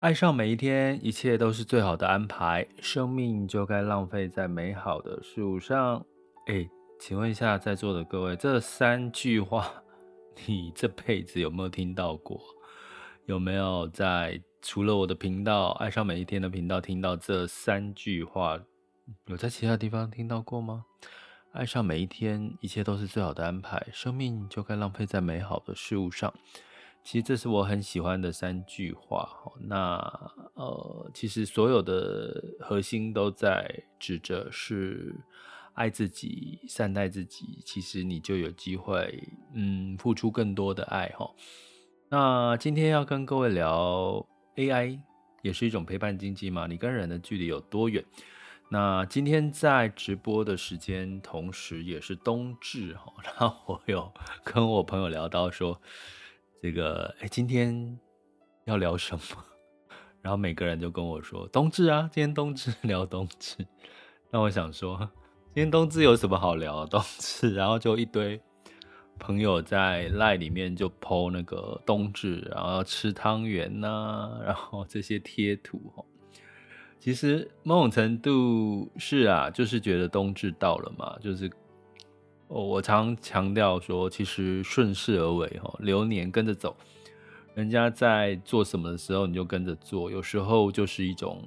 愛上每一天，一切都是最好的安排。生命就該浪費在美好的事物上。哎、欸，請問一下，在座的各位，這三句話，你這輩子有沒有聽到過？有沒有在除了我的頻道《愛上每一天》的頻道聽到這三句話？有在其他地方聽到過嗎？愛上每一天，一切都是最好的安排。生命就該浪費在美好的事物上。其實這是我很喜歡的三句話。那呃，其實所有的核心都在指着是愛自己、善待自己。其實你就有機會，嗯，付出更多的愛。哈，那今天要跟各位聊 AI 也是一種陪伴經濟嘛。你跟人的距離有多遠？那今天在直播的時間，同時也是冬至。哈，那我有跟我朋友聊到說，這個哎，今天要聊什麼？然後每個人就跟我說冬至啊，今天冬至聊冬至。那我想說，今天冬至有什麼好聊的冬至？然後就一堆朋友在 LINE 裡面就 PO 那個冬至，然後要吃湯圓吶、啊，然後這些貼圖。其實某種程度是啊，就是覺得冬至到了嘛，就是。哦，我常強調說，其實順勢而為哦，流年跟着走，人家在做什麼的時候，你就跟着做。有時候就是一種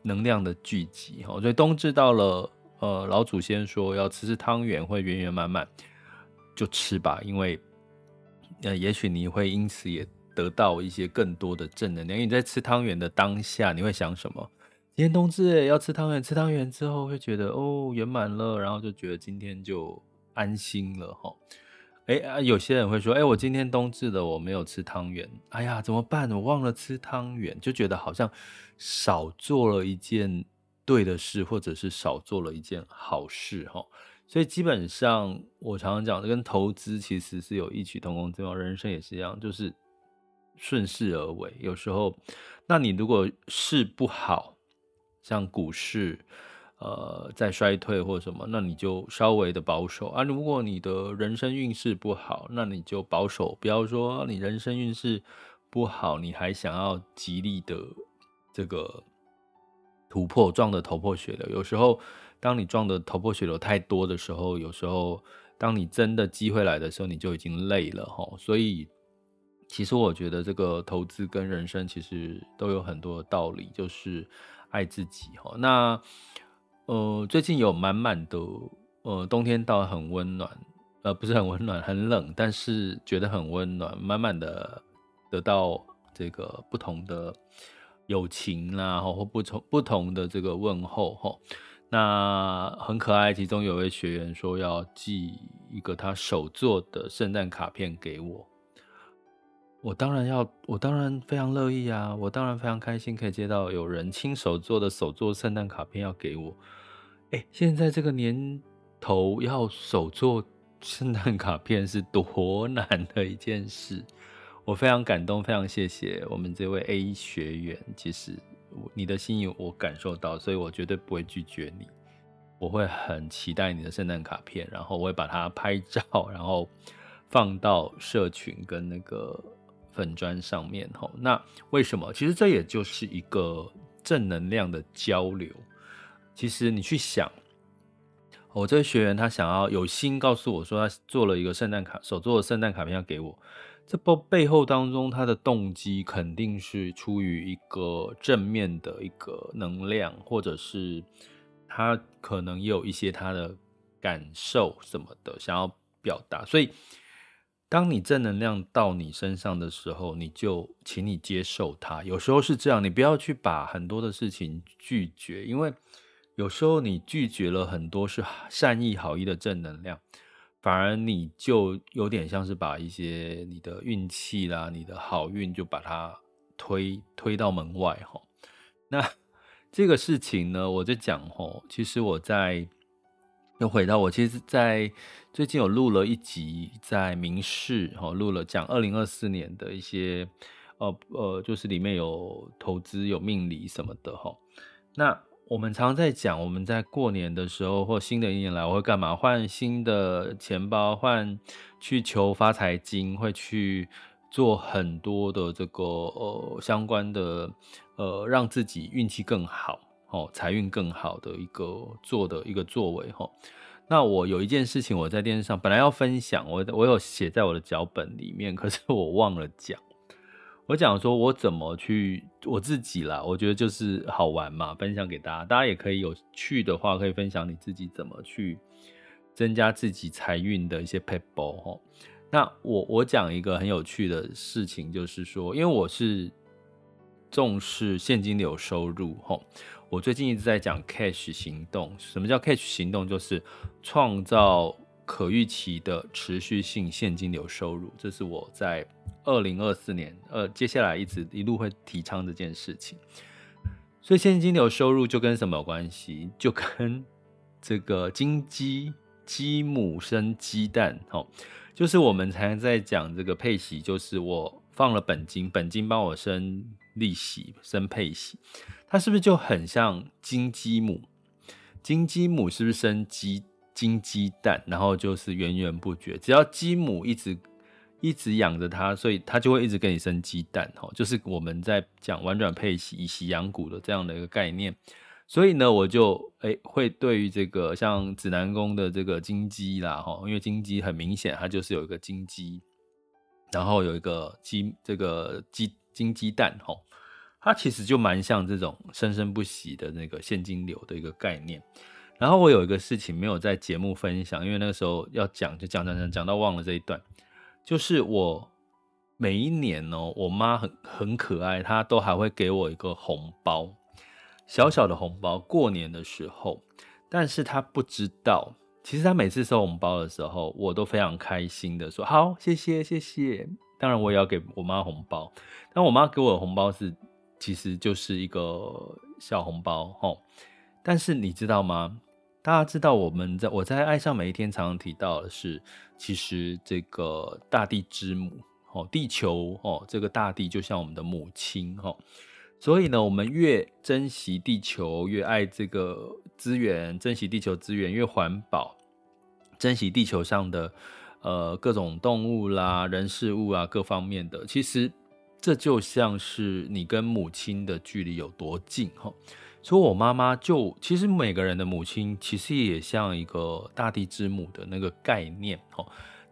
能量的聚集哦，所以冬至到了，呃，老祖先說要吃吃湯圓，會圓圓滿滿，就吃吧。因為，呃，也許你會因此也得到一些更多的正能量。因為你在吃湯圓的當下，你會想什麼？今天冬至誒，要吃湯圓。吃湯圓之後會覺得哦圓滿了，然後就覺得今天就安心了哈。哎、欸、啊，有些人會說哎、欸，我今天冬至的我沒有吃湯圓，哎呀怎麼辦？我忘了吃湯圓，就覺得好像少做了一件對的事，或者是少做了一件好事哈。所以基本上我常常講的跟投資其實是有異曲同工之妙，人生也是一樣，就是順勢而為。有時候，那你如果事不好。像股市，呃，在衰退或什麼，那你就稍微的保守啊。如果你的人生運勢不好，那你就保守，不要說你人生運勢不好，你還想要極力的這個突破，撞得頭破血流。有時候，當你撞得頭破血流太多的時候，有時候當你真的機會來的時候，你就已經累了吼，所以，其實我覺得這個投資跟人生其實都有很多的道理，就是。愛自己哦，那呃最近有滿滿的呃冬天到很溫暖，呃不是很溫暖，很冷，但是覺得很溫暖，滿滿的得到這個不同的友情啦、啊，或不同不同的這個問候哈，那很可愛，其中有位學員說要寄一個他手作的聖誕卡片給我。我當然要，我當然非常樂意啊！我當然非常開心，可以接到有人親手做的手做聖誕卡片要給我。哎，現在這個年頭要手做聖誕卡片是多難的一件事，我非常感動，非常謝謝我們這位 A 學員。其實你的心意我感受到，所以我絕對不會拒絕你。我會很期待你的聖誕卡片，然後我會把它拍照，然後放到社群跟那個。粉磚上面吼，那為什麼？其實這也就是一個正能量的交流。其實你去想，我、喔、這個、學員他想要有心告訴我說，他做了一個聖誕卡，手做的聖誕卡片要給我。這背背後當中，他的動機肯定是出於一個正面的一個能量，或者是他可能也有一些他的感受什麼的想要表達，所以。當你正能量到你身上的時候，你就請你接受它。有時候是這樣，你不要去把很多的事情拒絕，因為有時候你拒絕了很多是善意、好意的正能量，反而你就有點像是把一些你的運氣啦、你的好運就把它推推到門外哈。那這個事情呢，我就講吼，其實我在。又回到我，其實，在最近有錄了一集在民視，在民視哈，錄了講二零二四年的一些，呃呃，就是裡面有投資、有命理什麼的哈、哦。那我們常常在講，我們在過年的時候或新的一年來，我會幹嘛？換新的錢包，換去求發財金，會去做很多的這個呃相關的呃，讓自己運氣更好。哦，財運更好的一個做的一個作為哦，那我有一件事情，我在電視上本來要分享，我我有寫在我的腳本裡面，可是我忘了講。我講說我怎麼去我自己啦，我覺得就是好玩嘛，分享給大家，大家也可以有趣的話，可以分享你自己怎麼去增加自己財運的一些撇步那我我講一個很有趣的事情，就是說，因為我是重視現金流收入齁。我最近一直在講 cash 行動，什麼叫 cash 行動？就是創造可預期的持續性現金流收入。這是我在二零二四年，呃，接下來一直一路會提倡這件事情。所以現金流收入就跟什麼有關係？就跟這個“金雞雞母生雞蛋”哦，就是我們常常在講這個配息，就是我放了本金，本金幫我生利息，生配息。它是不是就很像金雞母？金雞母是不是生雞金雞蛋，然後就是源源不絕，只要雞母一直一直養着它，所以它就會一直給你生雞蛋，哈、哦，就是我們在講婉轉配息以息養股的這樣的一個概念。所以呢，我就哎會對於這個像指南宮的這個金雞啦，哈、哦，因為金雞很明顯它就是有一個金雞，然後有一個金這個雞金雞蛋，哈、哦。它其實就蠻像這種生生不息的那個現金流的一個概念。然後我有一個事情沒有在節目分享，因為那個時候要講就講講講講到忘了這一段。就是我每一年哦，我媽很很可愛，她都還會給我一個紅包，小小的紅包，過年的時候。但是她不知道，其實她每次收紅包的時候，我都非常開心的說，好，謝謝謝謝。當然我也要給我媽紅包，但我媽給我的紅包是。其實就是一個小紅包哈，但是你知道嗎？大家知道我們在我在愛上每一天常常提到的是，其實這個大地之母哦，地球哦，這個大地就像我們的母親哈，所以呢，我們越珍惜地球，越愛這個資源，珍惜地球資源，越環保，珍惜地球上的呃各種動物啦、人事物啊各方面的，其實。這就像是你跟母親的距離有多近哈，所以，我媽媽就其實每個人的母親其實也像一個大地之母的那個概念，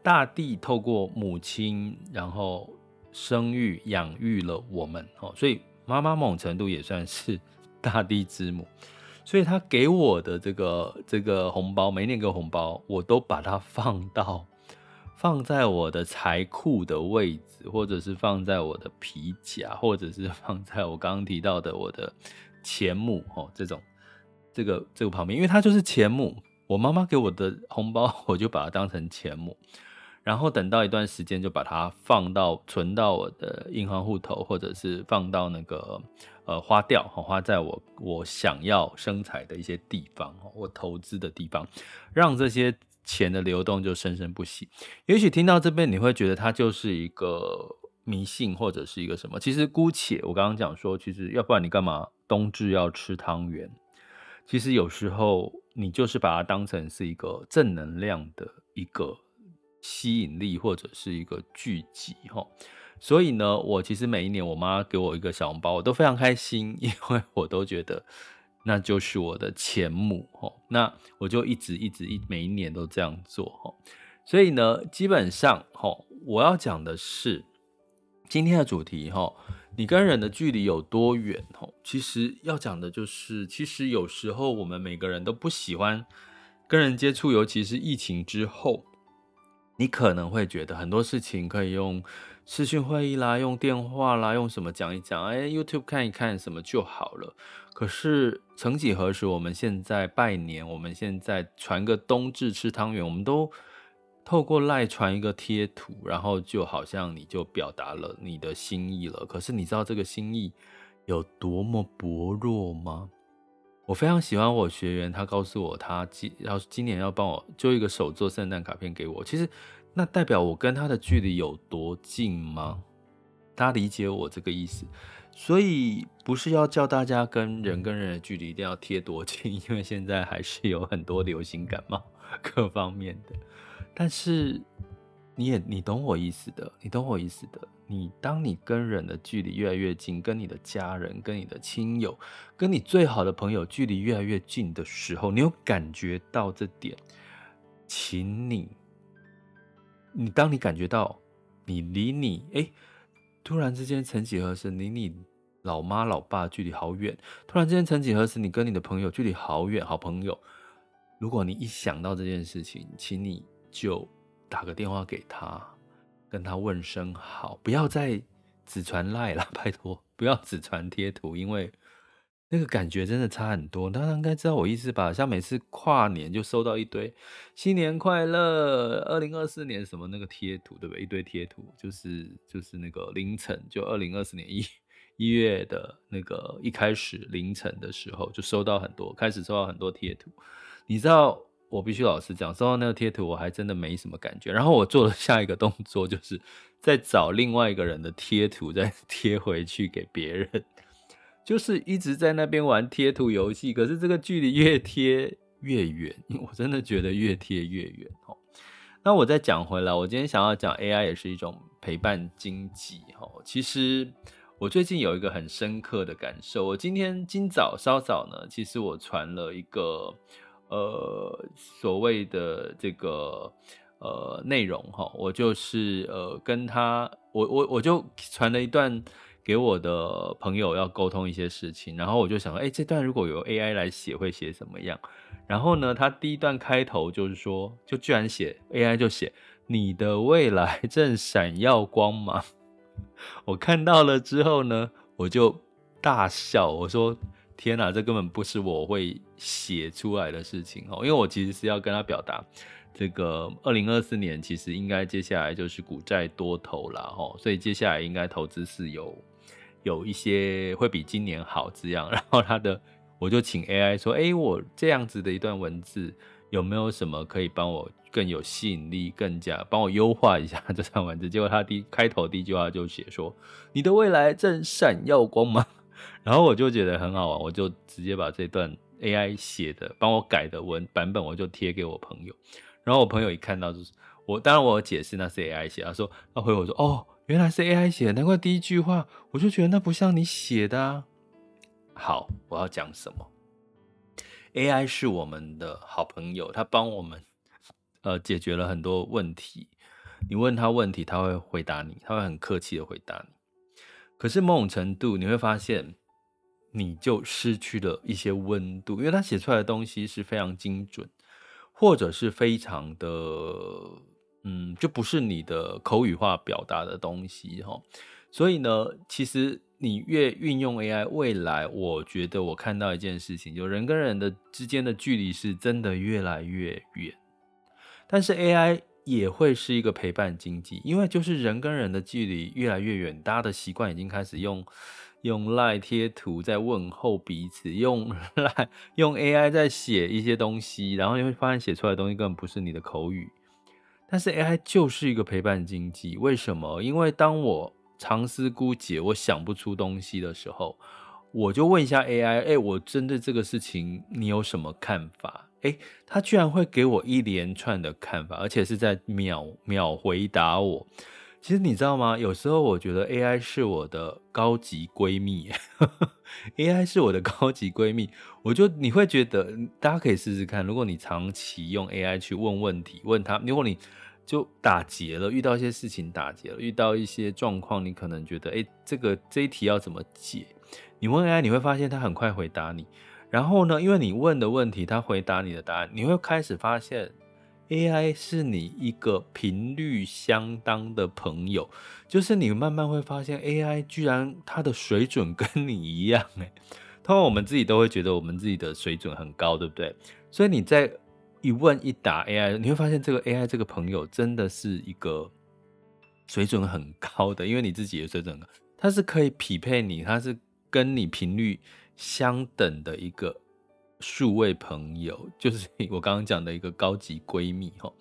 大地透過母親，然後生育養育了我們哦，所以媽媽某種程度也算是大地之母，所以她給我的這個這個紅包，每年給紅包，我都把它放到。放在我的財庫的位置，或者是放在我的皮夾，或者是放在我剛剛提到的我的錢母哦，這種這個這個旁邊，因為它就是錢母。我媽媽給我的紅包，我就把它當成錢母，然後等到一段時間就把它放到存到我的銀行戶頭，或者是放到那個呃花掉花在我我想要生財的一些地方，我投資的地方，讓這些。錢的流動就生生不息。也許聽到這邊你會覺得它就是一個迷信或者是一個什麼，其實姑且我剛剛講說，其實要不然你幹嘛冬至要吃湯圓？其實有時候你就是把它當成是一個正能量的一個吸引力或者是一個聚集。所以呢，我其實每一年我媽給我一個小紅包，我都非常開心，因為我都覺得。那就是我的前母，那我就一直一直一每一年都這樣做。所以呢，基本上，我要講的是今天的主題，你跟人的距離有多遠？其實要講的就是，其實有時候我們每個人都不喜歡跟人接觸，尤其是疫情之後，你可能會覺得很多事情可以用視訊會議啦，用電話啦，用什麼講一講，哎，欸，YouTube 看一看什麼就好了。可是，曾幾何時，我們現在拜年，我們現在傳個冬至吃湯圓，我們都透過賴傳一個貼圖，然後就好像你就表達了你的心意了。可是你知道這個心意有多麼薄弱嗎？我非常喜歡我學員，他告訴我，他今要今年要幫我揪一個手做聖誕卡片給我。其實，那代表我跟他的距離有多近嗎？大家理解我這個意思？所以不是要叫大家跟人跟人的距離一定要貼多近，因為現在還是有很多流行感冒各方面的。但是你也你懂我意思的，你懂我意思的。你當你跟人的距離越來越近，跟你的家人、跟你的親友、跟你最好的朋友距離越來越近的時候，你有感覺到這點，請你，你當你感覺到你離你哎、欸，突然之間，曾幾何時，離你。老媽老爸距離好遠，突然之間，曾幾何時，你跟你的朋友距離好遠，好朋友。如果你一想到這件事情，請你就打個電話給他，跟他問聲好，不要再只傳賴了，拜托，不要只傳貼圖，因為那個感覺真的差很多。大家應該知道我意思吧？像每次跨年就收到一堆新年快樂，二零二四年什麼那個貼圖，對不對？一堆貼圖，就是就是那個凌晨就二零二四年一。一月的那個一開始凌晨的時候，就收到很多，開始收到很多貼圖。你知道，我必須老實講，收到那個貼圖，我還真的沒什麼感覺。然後我做了下一個動作，就是再找另外一個人的貼圖，再貼回去給別人，就是一直在那邊玩貼圖遊戲。可是這個距離越貼越遠，我真的覺得越貼越遠哦。那我再講回來，我今天想要講 AI 也是一種陪伴經濟哦，其實。我最近有一個很深刻的感受。我今天今早稍早呢，其實我傳了一個呃所謂的這個呃內容哈，我就是呃跟他我我我就傳了一段給我的朋友要溝通一些事情，然後我就想說，哎、欸，這段如果有 AI 來寫會寫什麼樣？然後呢，他第一段開頭就是說，就居然寫 AI 就寫你的未來正閃耀光芒。我看到了之後呢，我就大笑。我說：“天哪，這根本不是我會寫出來的事情哦，因為我其實是要跟他表達，這個二零二四年其實應該接下來就是股債多頭了哦，所以接下來應該投資是有有一些會比今年好這樣。”然後他的，我就請 AI 說：“誒，我這樣子的一段文字。”有沒有什麼可以幫我更有吸引力，更加幫我優化一下這段文字？結果他第開頭第一句話就寫說：“你的未來正閃耀光芒。”然後我就覺得很好玩，我就直接把這段 AI 寫的幫我改的文版本，我就貼給我朋友。然後我朋友一看到就是我，當然我有解釋那是 AI 寫，他說他回我說：“哦，原來是 AI 寫的，難怪第一句話我就覺得那不像你寫的。”啊。好，我要講什麼？AI 是我們的好朋友，他幫我們呃解決了很多問題。你問他問題，他會回答你，他會很客氣的回答你。可是某種程度，你會發現你就失去了一些溫度，因為他寫出來的東西是非常精準，或者是非常的嗯，就不是你的口語化表達的東西哈。所以呢，其實。你越運用 AI，未來我覺得我看到一件事情，就人跟人的之間的距離是真的越來越遠。但是 AI 也會是一個陪伴經濟，因為就是人跟人的距離越來越遠，大家的習慣已經開始用用 LINE 貼圖在問候彼此，用賴用 AI 在寫一些東西，然後你會發現寫出來的東西根本不是你的口語。但是 AI 就是一個陪伴經濟，為什麼？因為當我。常思孤絕，我想不出東西的時候，我就問一下 AI：“、欸、我針對這個事情，你有什麼看法？”哎、欸，他居然會給我一連串的看法，而且是在秒秒回答我。其實你知道嗎？有時候我覺得 AI 是我的高級閨蜜 ，AI 是我的高級閨蜜，我就你會覺得，大家可以試試看，如果你長期用 AI 去問問題，問他，如果你。就打結了，遇到一些事情打結了，遇到一些狀況，你可能覺得，誒、欸，這個這一題要怎麼解？你問 AI，你會發現他很快回答你。然後呢，因為你問的問題，他回答你的答案，你會開始發現 AI 是你一個頻率相當的朋友。就是你慢慢會發現 AI 居然它的水準跟你一樣，誒，通常我們自己都會覺得我們自己的水準很高，對不對？所以你在。一問一答 AI，你會發現這個 AI 這個朋友真的是一個水準很高的，因為你自己也水準高，它是可以匹配你，它是跟你頻率相等的一個數位朋友，就是我剛剛講的一個高級閨蜜哈。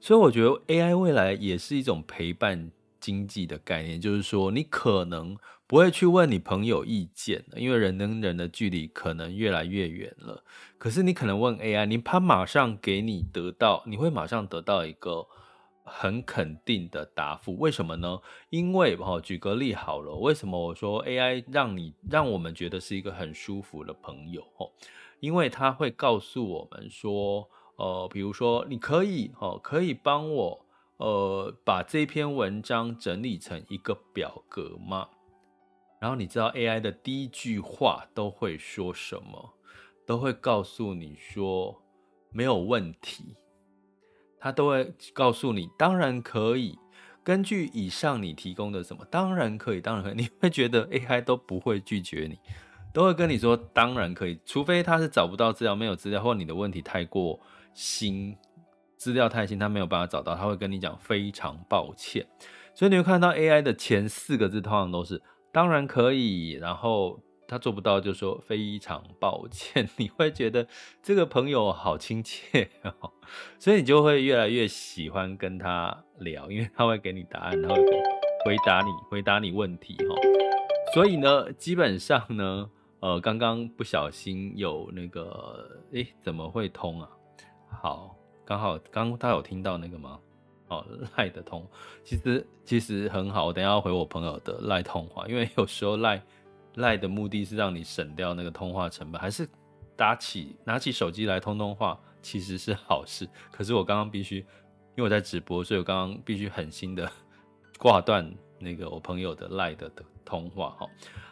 所以我覺得 AI 未來也是一種陪伴經濟的概念，就是說你可能。不會去問你朋友意見，因為人跟人的距離可能越來越遠了。可是你可能問 AI，它馬上給你得到，你會馬上得到一個很肯定的答覆。為什麼呢？因為哈、哦，舉個例好了，為什麼我說 AI 讓你讓我們覺得是一個很舒服的朋友？哦？因為它會告訴我們說，呃，比如說你可以哦，可以幫我呃把這篇文章整理成一個表格嗎？然後你知道 AI 的第一句話都會說什麼？都會告訴你說沒有問題，他都會告訴你當然可以。根據以上你提供的什麼，當然可以，當然可以。你會覺得 AI 都不會拒絕你，都會跟你說當然可以，除非他是找不到資料，沒有資料，或你的問題太過新，資料太新，他沒有辦法找到，他會跟你講非常抱歉。所以你會看到 AI 的前四個字通常都是。當然可以，然後他做不到就說非常抱歉，你會覺得這個朋友好親切哦，所以你就會越來越喜歡跟他聊，因為他會給你答案，然後回答你回答你問題哈哦。所以呢，基本上呢，呃，剛剛不小心有那個，誒，怎麼會通啊？好，剛好剛他有聽到那個嗎？哦，賴的通話，其實其實很好。我等一下要回我朋友的賴通話，因為有時候賴賴的目的是讓你省掉那個通話成本，還是拿起拿起手機來通通話其實是好事。可是我剛剛必須，因為我在直播，所以我剛剛必須狠心的掛斷那個我朋友的賴的通話。哈，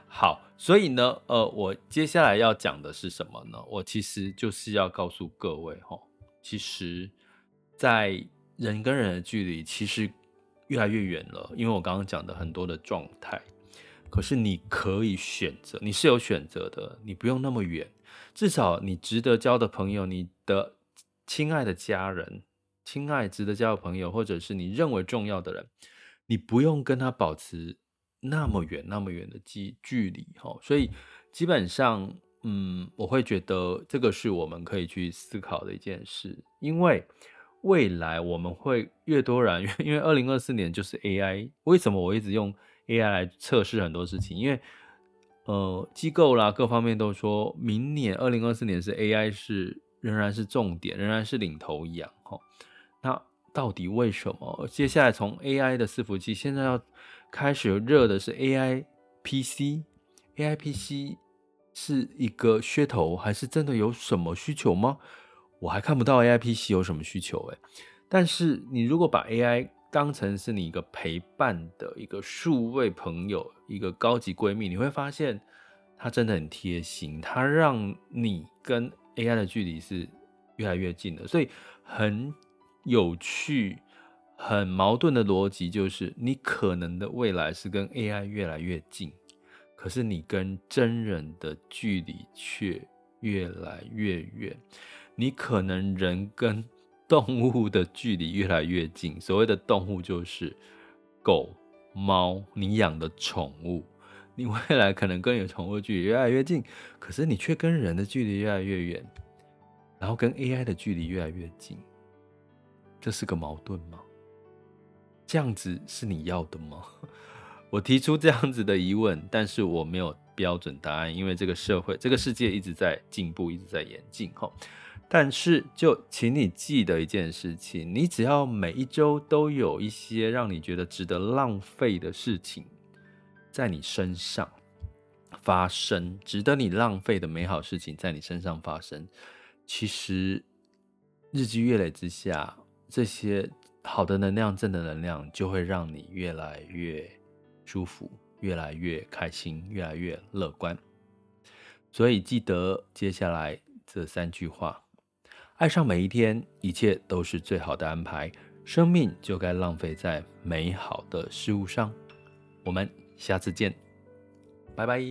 好，所以呢，呃，我接下來要講的是什麼呢？我其實就是要告訴各位，哈，其實，在。人跟人的距離其實越來越遠了，因為我剛剛講的很多的狀態，可是你可以選擇，你是有選擇的，你不用那麼遠，至少你值得交的朋友，你的親愛的家人，親愛值得交的朋友，或者是你認為重要的人，你不用跟他保持那麼遠那麼遠的距離。所以基本上，嗯，我會覺得這個是我們可以去思考的一件事，因為。未來我們會越多人，因為二零二四年就是 AI。為什麼我一直用 AI 來測試很多事情？因為呃，機構啦，各方面都說明年二零二四年是 AI 是仍然是重點，仍然是領頭羊。哈、哦，那到底為什麼？接下來從 AI 的伺服器現在要開始熱的是 AIPC，AIPC 是一個噱頭，還是真的有什麼需求嗎？我還看不到 A I P C 有什麼需求哎？但是你如果把 A I 當成是你一個陪伴的一個數位朋友，一個高級閨蜜，你會發現它真的很貼心，它讓你跟 A I 的距離是越來越近的，所以很有趣、很矛盾的邏輯就是，你可能的未來是跟 A I 越來越近，可是你跟真人的距離卻越來越遠。你可能人跟動物的距離越來越近，所謂的動物就是狗、貓，你養的寵物，你未來可能跟你的寵物距離越來越近，可是你卻跟人的距離越來越遠，然後跟 AI 的距離越來越近，這是個矛盾嗎？這樣子是你要的嗎？我提出這樣子的疑問，但是我沒有標準答案，因為這個社會、這個世界一直在進步，一直在演進，齁。但是，就請你記得一件事情：你只要每一周都有一些讓你覺得值得浪費的事情，在你身上發生，值得你浪費的美好事情在你身上發生，其實日積月累之下，這些好的能量、正的能量就會讓你越來越舒服，越來越開心，越來越樂觀。所以，記得接下來這三句話。愛上每一天，一切都是最好的安排。生命就該浪費在美好的事物上。我們下次見，拜拜。